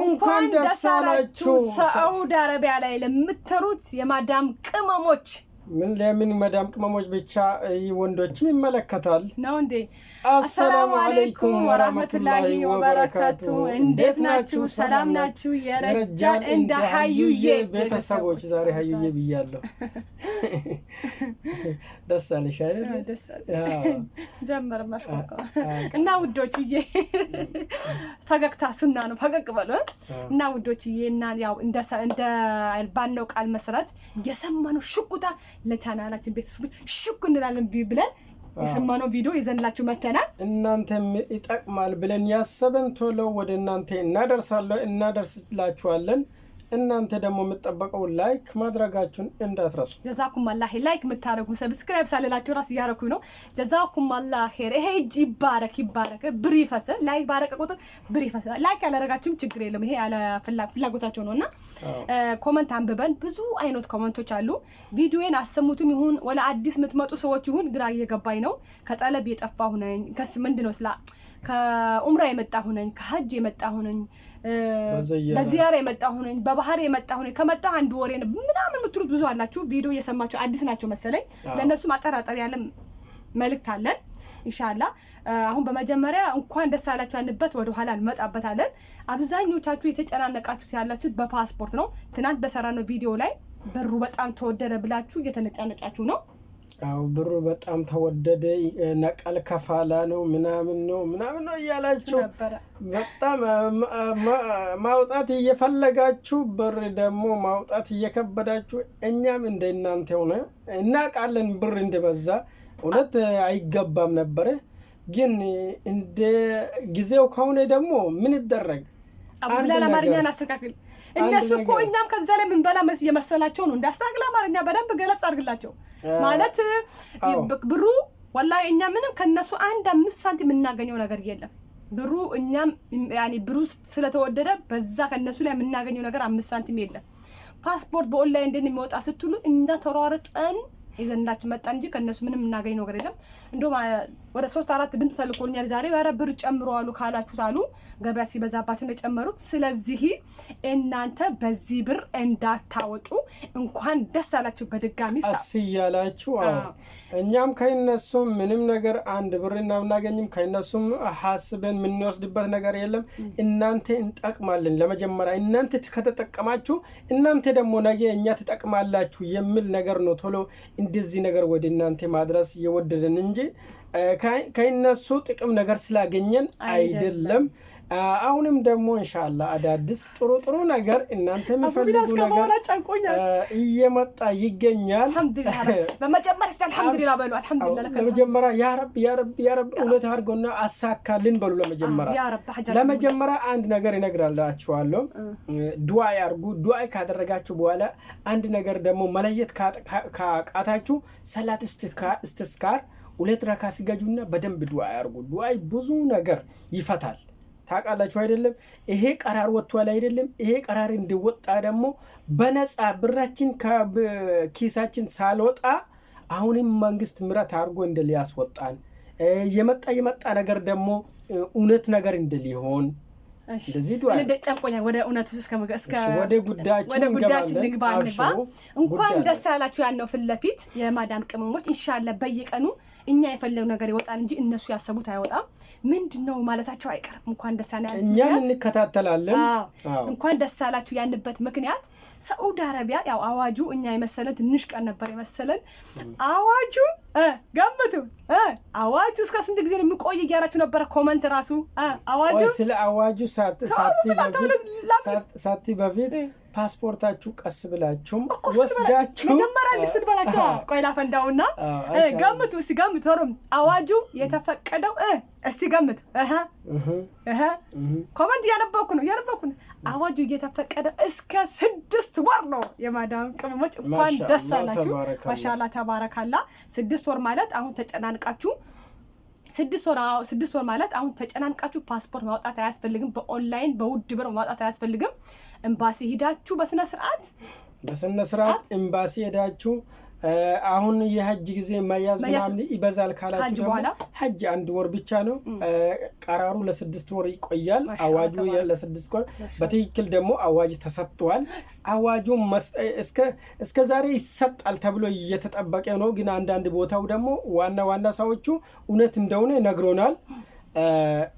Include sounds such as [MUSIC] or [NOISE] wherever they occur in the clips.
እንኳን ደስ አላችሁ ሰዑድ አረቢያ ላይ ለምትሩት የማዳም ቅመሞች ምን ለምን መዳም ቅመሞች ብቻ ወንዶችም ይመለከታል ነው እንዴ? አሰላሙ አለይኩም ወራህመቱላሂ ወበረካቱ። እንዴት ናችሁ? ሰላም ናችሁ? የረጃን እንደ ሀዩዬ ቤተሰቦች ዛሬ ሀዩዬ ብያለሁ። [LAUGHS] ደስ አለሽ አይደል? ጀመር እና ውዶችዬ ፈገግታ ሱና ነው። ፈገግ በሉ እና ውዶችዬ እና ያው እንደ ቃል መሰረት የሰማነው ሽኩታ ለቻናላችን ቤተሰቦች ሽኩ እንላለን ብለን የሰማነው ቪዲዮ ይዘንላችሁ መተናል። እናንተም ይጠቅማል ብለን ያሰበን ቶሎ ወደ እናንተ እናደርሳለን እናደርስላችኋለን። እናንተ ደግሞ የምጠበቀው ላይክ ማድረጋችሁን እንዳትረሱ። ጀዛኩም አላ ሄር ላይክ የምታደረጉ ሰብስክራይብ ሳልላችሁ ራሱ እያረኩ ነው። ጀዛኩም አላ ሄር። ይሄ እጅ ይባረክ ይባረክ፣ ብር ይፈሰ። ላይክ ባረቀ ቁጥር ብር ይፈሰ። ላይክ ያላረጋችሁም ችግር የለም። ይሄ ፍላጎታቸው ነው እና ኮመንት አንብበን ብዙ አይነት ኮመንቶች አሉ። ቪዲዮን አሰሙትም ይሁን ወላ አዲስ የምትመጡ ሰዎች ይሁን ግራ እየገባኝ ነው። ከጠለብ የጠፋሁ ነኝ። ከስ ምንድነው ስላ ከኡምራ የመጣ ሁነኝ ከሀጅ የመጣ ሁነኝ በዚያራ የመጣ ሁነኝ በባህር የመጣ ሁነኝ ከመጣ አንድ ወሬ ምናምን የምትሉት ብዙ አላችሁ። ቪዲዮ እየሰማችሁ አዲስ ናቸው መሰለኝ። ለእነሱም አጠራጠር ያለ መልእክት አለን ኢንሻላ አሁን በመጀመሪያ እንኳን ደስ አላችሁ ያንበት ወደ ኋላ እንመጣበታለን። አብዛኞቻችሁ የተጨናነቃችሁት ያላችሁት በፓስፖርት ነው። ትናንት በሰራነው ቪዲዮ ላይ በሩ በጣም ተወደደ ብላችሁ እየተነጫነጫችሁ ነው። ያው ብሩ በጣም ተወደደ፣ ነቀል ከፋላ ነው ምናምን ነው ምናምን ነው እያላችሁ በጣም ማውጣት እየፈለጋችሁ ብር ደግሞ ማውጣት እየከበዳችሁ፣ እኛም እንደ እናንተ ሆነ እናውቃለን። ብር እንደበዛ እውነት አይገባም ነበረ፣ ግን እንደ ጊዜው ከሆነ ደግሞ ምን ይደረግ። አማርኛን አስተካክል እነሱ እኮ እኛም ከዛ ላይ ምንበላ የመሰላቸው ነው። እንዳስተካክል አማርኛ በደንብ ገለጽ አድርግላቸው ማለት ብሩ ወላ እኛ ምንም ከነሱ አንድ አምስት ሳንቲም የምናገኘው ነገር የለም። ብሩ እኛም ብሩ ስለተወደደ በዛ ከነሱ ላይ የምናገኘው ነገር አምስት ሳንቲም የለም። ፓስፖርት በኦንላይን እንደን የሚወጣ ስትሉ እኛ ተሯርጠን ይዘንላችሁ መጣን እንጂ ከእነሱ ምንም የምናገኘው ነገር የለም። እንዲሁም ወደ ሶስት አራት ድምፅ ተልኮልኛል። ዛሬ ኧረ ብር አሉ ካላችሁት አሉ ገበያ ሲበዛባቸው ነው ጨመሩት ስለዚህ እናንተ በዚህ ብር እንዳታወጡ እንኳን ደስ አላችሁ በድጋሚ ስ እያላችሁ እኛም ከይነሱም ምንም ነገር አንድ ብር እናምናገኝም ከይነሱም ሀስበን የምንወስድበት ነገር የለም። እናንተ እንጠቅማለን። ለመጀመሪያ እናንተ ከተጠቀማችሁ እናንተ ደግሞ ነገ እኛ ትጠቅማላችሁ የሚል ነገር ነው። ቶሎ እንደዚህ ነገር ወደ እናንተ ማድረስ የወደደን እንጂ ከእነሱ ጥቅም ነገር ስላገኘን አይደለም። አሁንም ደግሞ እንሻላ አዳዲስ ጥሩ ጥሩ ነገር እናንተ የሚፈልጉ ነገር እየመጣ ይገኛል። ለመጀመሪያ ያረብ ያረብ ያረብ እውነት አድርጎና አሳካልን በሉ። ለመጀመሪያ ለመጀመሪያ አንድ ነገር ይነግራላችኋለሁ። ዱዓ ያርጉ። ዱዓ ካደረጋችሁ በኋላ አንድ ነገር ደግሞ መለየት ካቃታችሁ ሰላት እስትስካር ሁለት ረካ ሲገጁና በደንብ ዱዓ ያርጉ። ዱዓይ ብዙ ነገር ይፈታል። ታውቃላችሁ አይደለም? ይሄ ቀራር ወጥቷል አይደለም? ይሄ ቀራር እንዲወጣ ደግሞ በነፃ ብራችን ከኪሳችን ሳልወጣ አሁንም መንግስት ምረት አድርጎ እንደ ሊያስወጣን የመጣ የመጣ ነገር ደግሞ እውነት ነገር እንደሊሆን እንደዚህ ዱዓ ጨንቆኛል። ወደ እውነቱ ወደ ጉዳያችን ልግባ እንግባ። እንኳን ደስ ያላችሁ ያለው ፊት ለፊት የማዳም ቅመሞች ኢንሻላህ በየቀኑ እኛ የፈለጉ ነገር ይወጣል እንጂ እነሱ ያሰቡት አይወጣም። ምንድን ነው ማለታቸው አይቀርም። እንኳን ደስ ያለ እኛም እንከታተላለን። እንኳን ደስ ያላችሁ ያንበት ምክንያት ሰዑድ አረቢያ ያው አዋጁ እኛ የመሰለን ትንሽ ቀን ነበር የመሰለን አዋጁ ገምቱ እ አዋጁ እስከ ስንት ጊዜ የምቆይ የሚቆይ እያላችሁ ነበረ። ኮመንት ራሱ አዋጁ ስለ አዋጁ ሳቲ በፊት ፓስፖርታችሁ ቀስ ብላችሁም ወስዳችሁ መጀመሪያ እንስል በላቸው። ቆይ ላፈንዳውና ገምቱ እስቲ ገምቱ። ሩም አዋጁ የተፈቀደው እስቲ ገምቱ። ኮመንት እያነበኩ ነው እያነበኩ ነው። አዋጁ እየተፈቀደ እስከ ስድስት ወር ነው። የማዳም ቅመሞች እንኳን ደስ አላችሁ። ማሻላ ተባረካላ። ስድስት ወር ማለት አሁን ተጨናንቃችሁ ስድስት ወር ማለት አሁን ተጨናንቃችሁ ፓስፖርት ማውጣት አያስፈልግም። በኦንላይን በውድ ብር ማውጣት አያስፈልግም። ኤምባሲ ሂዳችሁ በስነ ስርዓት በስነ ስርዓት ኤምባሲ ሄዳችሁ አሁን የሀጅ ጊዜ መያዝ ምናምን ይበዛል ካላችሁ ሀጅ አንድ ወር ብቻ ነው። ቀራሩ ለስድስት ወር ይቆያል። አዋጁ ለስድስት ወር በትክክል ደግሞ አዋጅ ተሰጥቷል። አዋጁ እስከ ዛሬ ይሰጣል ተብሎ እየተጠበቀ ነው። ግን አንዳንድ ቦታው ደግሞ ዋና ዋና ሰዎቹ እውነት እንደሆነ ነግሮናል።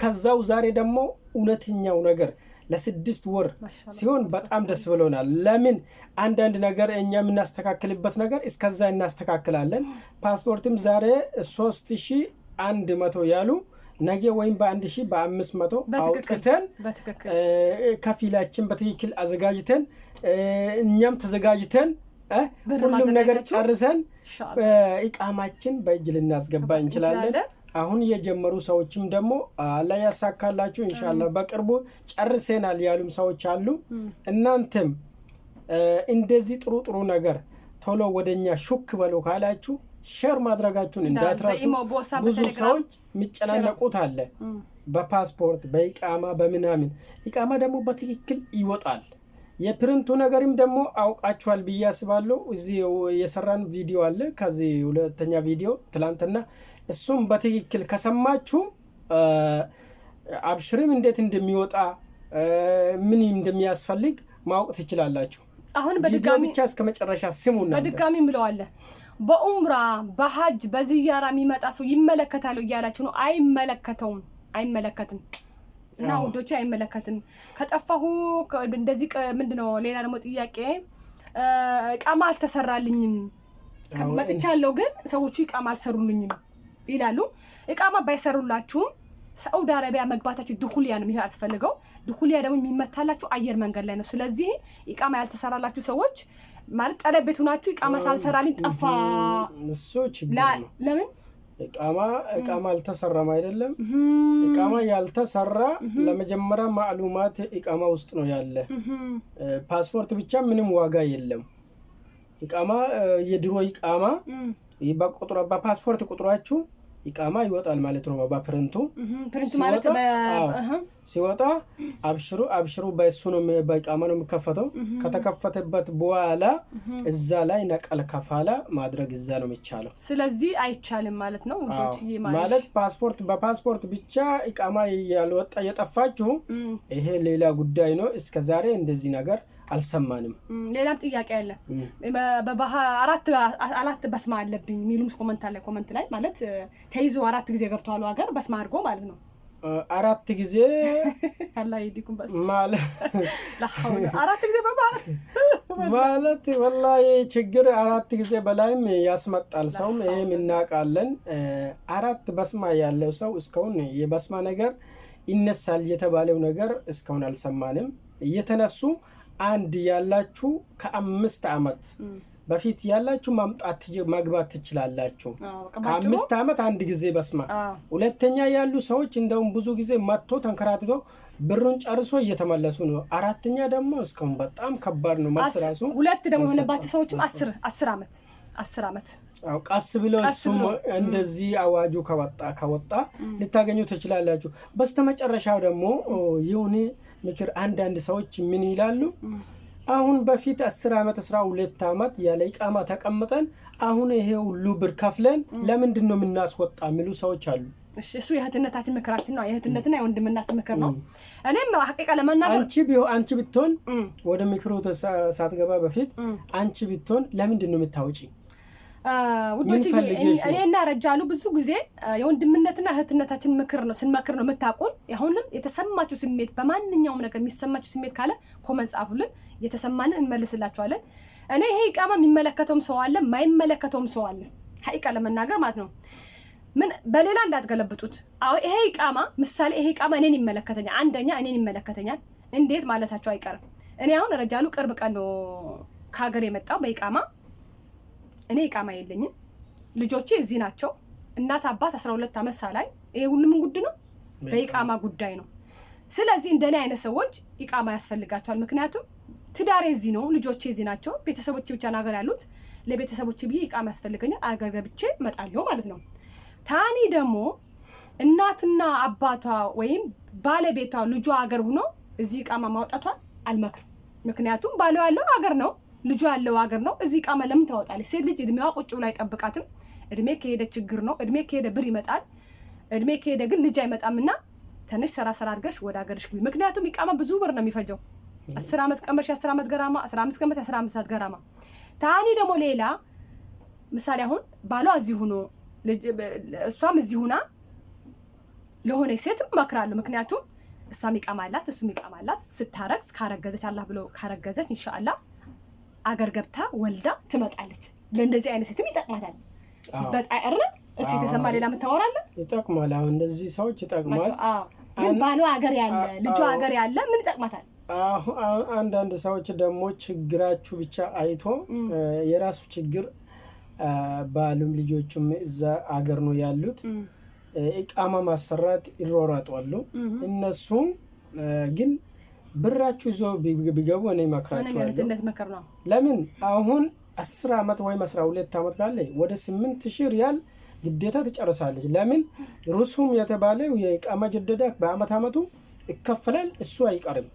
ከዛው ዛሬ ደግሞ እውነተኛው ነገር ለስድስት ወር ሲሆን በጣም ደስ ብሎናል። ለምን አንዳንድ ነገር እኛ የምናስተካክልበት ነገር እስከዛ እናስተካክላለን። ፓስፖርትም ዛሬ ሶስት ሺ አንድ መቶ ያሉ ነገ ወይም በአንድ ሺ በአምስት መቶ አውጥተን ከፊላችን በትክክል አዘጋጅተን እኛም ተዘጋጅተን ሁሉም ነገር ጨርሰን እቃማችን በእጅ ልናስገባ እንችላለን። አሁን የጀመሩ ሰዎችም ደግሞ አላህ ያሳካላችሁ። እንሻላ በቅርቡ ጨርሰናል ያሉም ሰዎች አሉ። እናንተም እንደዚህ ጥሩ ጥሩ ነገር ቶሎ ወደኛ ሹክ በሎ ካላችሁ ሸር ማድረጋችሁን እንዳትረሱ። ብዙ ሰዎች የሚጨናነቁት አለ በፓስፖርት በኢቃማ በምናምን ኢቃማ ደግሞ በትክክል ይወጣል። የፕሪንቱ ነገርም ደግሞ አውቃችኋል ብዬ አስባለሁ። እዚህ የሰራን ቪዲዮ አለ ከዚህ ሁለተኛ ቪዲዮ ትላንትና እሱም በትክክል ከሰማችሁ አብሽርም እንዴት እንደሚወጣ ምን እንደሚያስፈልግ ማወቅ ትችላላችሁ። አሁን በድጋሚ ብቻ እስከ መጨረሻ ስሙና በድጋሚ ምለዋለን። በኡምራ በሀጅ በዝያራ የሚመጣ ሰው ይመለከታሉ እያላችሁ ነው። አይመለከተውም፣ አይመለከትም እና ውዶቼ አይመለከትም። ከጠፋሁ እንደዚህ ምንድን ነው። ሌላ ደግሞ ጥያቄ እቃማ አልተሰራልኝም። መጥቻለሁ ግን ሰዎቹ እቃማ አልሰሩልኝም። ይላሉ። እቃማ ባይሰሩላችሁም ሳውዲ አረቢያ መግባታችሁ ድኩልያ ነው ያስፈልገው። ድኩልያ ደግሞ የሚመታላችሁ አየር መንገድ ላይ ነው። ስለዚህ እቃማ ያልተሰራላችሁ ሰዎች ማለት ጠለብ ቤት ሆናችሁ እቃማ ሳልሰራልኝ ጠፋ። ለምን እቃማ እቃማ አልተሰራም አይደለም። እቃማ ያልተሰራ ለመጀመሪያ ማዕሉማት እቃማ ውስጥ ነው ያለ። ፓስፖርት ብቻ ምንም ዋጋ የለም። እቃማ የድሮ እቃማ በቁጥር በፓስፖርት ቁጥሯችሁ ኢቃማ ይወጣል ማለት ነው። በፕሪንቱ ሲወጣ አብሽሩ አብሽሩ በእሱ ነው በኢቃማ ነው የሚከፈተው። ከተከፈተበት በኋላ እዛ ላይ ነቀል ከፋላ ማድረግ እዛ ነው የሚቻለው። ስለዚህ አይቻልም ማለት ነው ማለት ፓስፖርት በፓስፖርት ብቻ ኢቃማ ያልወጣ የጠፋችሁ ይሄ ሌላ ጉዳይ ነው። እስከዛሬ እንደዚህ ነገር አልሰማንም። ሌላም ጥያቄ አለ። አራት በስማ አለብኝ የሚሉም ኮመንት አለ። ኮመንት ላይ ማለት ተይዞ አራት ጊዜ ገብተዋል ሀገር በስማ አድርጎ ማለት ነው። አራት ጊዜ [LAUGHS] [LAUGHS] አራት ጊዜ [LAUGHS] ማለት ወላሂ ችግር አራት ጊዜ በላይም ያስመጣል። ሰውም ይህም እናውቃለን። አራት በስማ ያለው ሰው እስካሁን የበስማ ነገር ይነሳል የተባለው ነገር እስካሁን አልሰማንም። እየተነሱ አንድ ያላችሁ ከአምስት አመት በፊት ያላችሁ ማምጣት ማግባት ትችላላችሁ። ከአምስት አመት አንድ ጊዜ በስማ ሁለተኛ ያሉ ሰዎች እንደውም ብዙ ጊዜ መጥቶ ተንከራትቶ ብሩን ጨርሶ እየተመለሱ ነው። አራተኛ ደግሞ እስካሁን በጣም ከባድ ነው። ማስራሱ ሁለት ደግሞ የሆነባቸው ሰዎችም አስር አስር አመት አስር አመት ቀስ ብለው እሱም እንደዚህ አዋጁ ከወጣ ከወጣ ልታገኙ ትችላላችሁ። በስተመጨረሻው ደግሞ ይሁን ምክር አንዳንድ ሰዎች ምን ይላሉ? አሁን በፊት አስር ዓመት አስራ ሁለት ዓመት ያለ ኢቃማ ተቀምጠን አሁን ይሄ ሁሉ ብር ከፍለን ለምንድን ነው የምናስወጣ የሚሉ ሰዎች አሉ። እሱ የእህትነታችን ምክራችን ነው። የእህትነትና የወንድምናት ምክር ነው። እኔም ሀቂቃ ለመናገር አንቺ አንቺ ብትሆን ወደ ምክሩ ሳትገባ በፊት አንቺ ብትሆን ለምንድን ነው የምታወጪ ውዶች እኔና ረጃሉ ብዙ ጊዜ የወንድምነትና እህትነታችን ምክር ነው ስንመክር ነው የምታውቁን። አሁንም የተሰማችሁ ስሜት በማንኛውም ነገር የሚሰማችሁ ስሜት ካለ ኮመንት ጻፉልን፣ እየተሰማንን እንመልስላችኋለን። እኔ ይሄ ቃማ የሚመለከተውም ሰው አለ፣ ማይመለከተውም ሰው አለ። ሀቂቃ ለመናገር ማለት ነው። ምን በሌላ እንዳትገለብጡት። ይሄ ቃማ ምሳሌ ይሄ ቃማ እኔን ይመለከተኛል፣ አንደኛ እኔን ይመለከተኛል። እንዴት ማለታቸው አይቀርም። እኔ አሁን ረጃሉ ቅርብ ቀን ነው ከሀገር የመጣው በይቃማ እኔ እቃማ የለኝም። ልጆቼ እዚህ ናቸው። እናት አባት አስራ ሁለት ዓመት ሳላይ ይሄ ሁሉም ጉድ ነው፣ በኢቃማ ጉዳይ ነው። ስለዚህ እንደኔ አይነት ሰዎች ኢቃማ ያስፈልጋቸዋል። ምክንያቱም ትዳሬ እዚህ ነው፣ ልጆቼ እዚህ ናቸው፣ ቤተሰቦቼ ብቻ ናገር ያሉት ለቤተሰቦቼ ብዬ ኢቃማ ያስፈልገኛል። አገር ገብቼ እመጣለሁ ማለት ነው። ታኒ ደግሞ እናቱና አባቷ ወይም ባለቤቷ ልጇ አገር ሁኖ እዚህ ኢቃማ ማውጣቷን አልመክርም። ምክንያቱም ባለው ያለው አገር ነው ልጇ ያለው ሀገር ነው። እዚህ ቃመ ለምን ታወጣለች? ሴት ልጅ እድሜዋ ቁጭ ብሎ አይጠብቃትም። እድሜ ከሄደ ችግር ነው። እድሜ ከሄደ ብር ይመጣል። እድሜ ከሄደ ግን ልጅ አይመጣም። እና ትንሽ ሰራ ሰራ አድርገሽ ወደ ሀገርሽ ግቢ። ምክንያቱም ይቃማ ብዙ ብር ነው የሚፈጀው። አስር ዓመት ቀመሽ የአስር ዓመት ገራማ፣ አስራ አምስት ቀመሽ የአስራ አምስት ገራማ። ታኒ ደግሞ ሌላ ምሳሌ አሁን ባሏ እዚህ ሆኖ እሷም እዚህ ሁና ለሆነ ሴት እመክራለሁ። ምክንያቱም እሷም ይቃማላት እሱም ይቃማላት ስታረግ ካረገዘች አላህ ብሎ ካረገዘች ኢንሻአላህ አገር ገብታ ወልዳ ትመጣለች። ለእንደዚህ አይነት ሴትም ይጠቅማታል። በጣም እስ የተሰማ ሌላ የምታወራለ ይጠቅማል። አሁን እንደዚህ ሰዎች ይጠቅማል። ግን ባሏ አገር ያለ ልጁ አገር ያለ ምን ይጠቅማታል? አንዳንድ ሰዎች ደግሞ ችግራችሁ ብቻ አይቶ የራሱ ችግር ባሉም ልጆቹም እዛ አገር ነው ያሉት ኢቃማ ማሰራት ይሯሯጧሉ እነሱም ግን ብራችሁ ይዞ ቢገቡ እኔ እመክራችኋለሁ። ለምን አሁን አስር ዓመት ወይም አስራ ሁለት ዓመት ካለ ወደ ስምንት ሺህ ሪያል ግዴታ ትጨርሳለች። ለምን ሩሱም የተባለው የኢቃማ ጀደዳ በአመት አመቱ ይከፈላል። እሱ አይቀርም።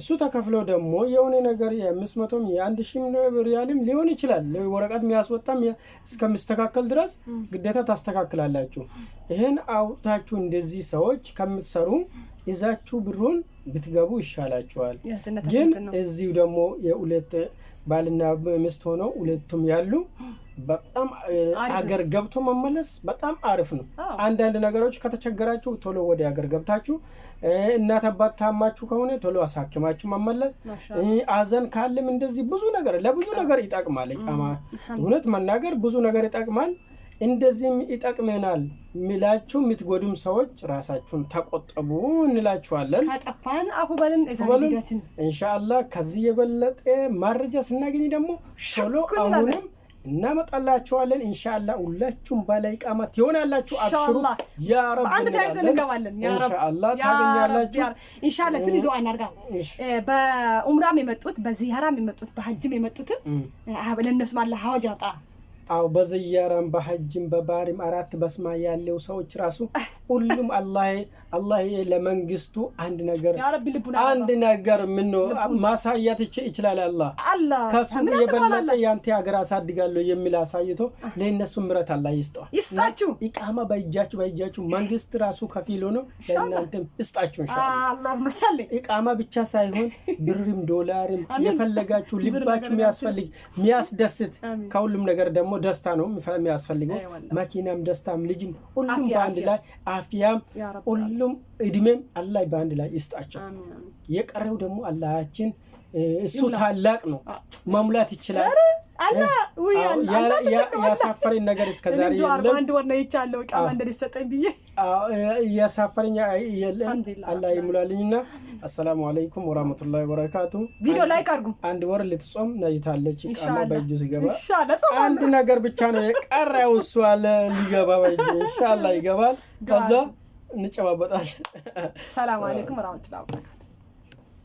እሱ ተከፍለው ደግሞ የሆነ ነገር የአምስት መቶም የአንድ ሺህ ሪያልም ሊሆን ይችላል። ወረቀት የሚያስወጣም እስከሚስተካከል ድረስ ግዴታ ታስተካክላላችሁ። ይህን አውጥታችሁ እንደዚህ ሰዎች ከምትሰሩ ይዛችሁ ብሩን ብትገቡ ይሻላቸዋል። ግን እዚሁ ደግሞ የሁለት ባልና ሚስት ሆነው ሁለቱም ያሉ በጣም አገር ገብቶ መመለስ በጣም አሪፍ ነው። አንዳንድ ነገሮች ከተቸገራችሁ ቶሎ ወደ አገር ገብታችሁ፣ እናት አባት ታማችሁ ከሆነ ቶሎ አሳክማችሁ መመለስ፣ አዘን ካለም እንደዚህ ብዙ ነገር ለብዙ ነገር ይጠቅማል። እውነት መናገር ብዙ ነገር ይጠቅማል። እንደዚህም ይጠቅመናል ሚላችሁ የምትጎዱም ሰዎች ራሳችሁን ተቆጠቡ እንላችኋለን። ከጠፋን አፉ በልን እንሻላ። ከዚህ የበለጠ መረጃ ስናገኝ ደግሞ ቶሎ አሁንም እናመጣላችኋለን። እንሻላ ሁላችሁም ባለ ቃማት ይሆናላችሁ። አብሽሩ አንድ ተያይዘን እንገባለን። ታገኛላችሁ። እንሻላ ትንሽ ዱዓ እናርጋ። በኡምራም የመጡት በዚያራም የመጡት በሀጅም የመጡትም ለእነሱም አለ ሀዋጅ አውጣ አው በዝያራም በሐጅም በባህሪም አራት በስማ ያለው ሰዎች ራሱ ሁሉም አላህ አላህ ለመንግስቱ አንድ ነገር አንድ ነገር ምን ማሳያት ይችላል። አላህ ከሱ የበለጠ የአንተ ሀገር አሳድጋለሁ የሚል አሳይቶ ለእነሱ ምረት አላህ ይስጠዋል። ይስጣችሁ ኢቃማ በእጃችሁ በእጃችሁ መንግስት ራሱ ከፊል ሆኖ ለእናንተም ይስጣችሁ ኢንሻአላህ። ኢቃማ ብቻ ሳይሆን [LAUGHS] ብርም ዶላርም የፈለጋችሁ ልባችሁ የሚያስፈልግ የሚያስደስት ከሁሉም ነገር ደግሞ ደስታ ነው የሚያስፈልገው። መኪናም፣ ደስታም፣ ልጅም ሁሉም በአንድ ላይ አፍያም ሁሉም እድሜም አላህ በአንድ ላይ ይስጣቸው። የቀረው ደግሞ አላችን እሱ ታላቅ ነው፣ መሙላት ይችላል። ያሳፈረኝ ነገር እስከዛሬ የለም። አንድ ወር ነው ይቻለው ቃማ እንደሰጠኝ ብዬ እያሳፈረኝ የለም። አላህ አሰላሙ አለይኩም ወራህመቱላሂ ወበረካቱ። ቪዲዮ ላይክ አድርጉ። አንድ ወር ልትጾም ነይታለች። ቃማ በእጁ ሲገባ አንድ ነገር ብቻ ነው የቀረው እሱ አለ ሊገባ በእጁ ይገባል ከዛ እንጨባበጣለን። ሰላም አለይኩም ወራህመቱላሂ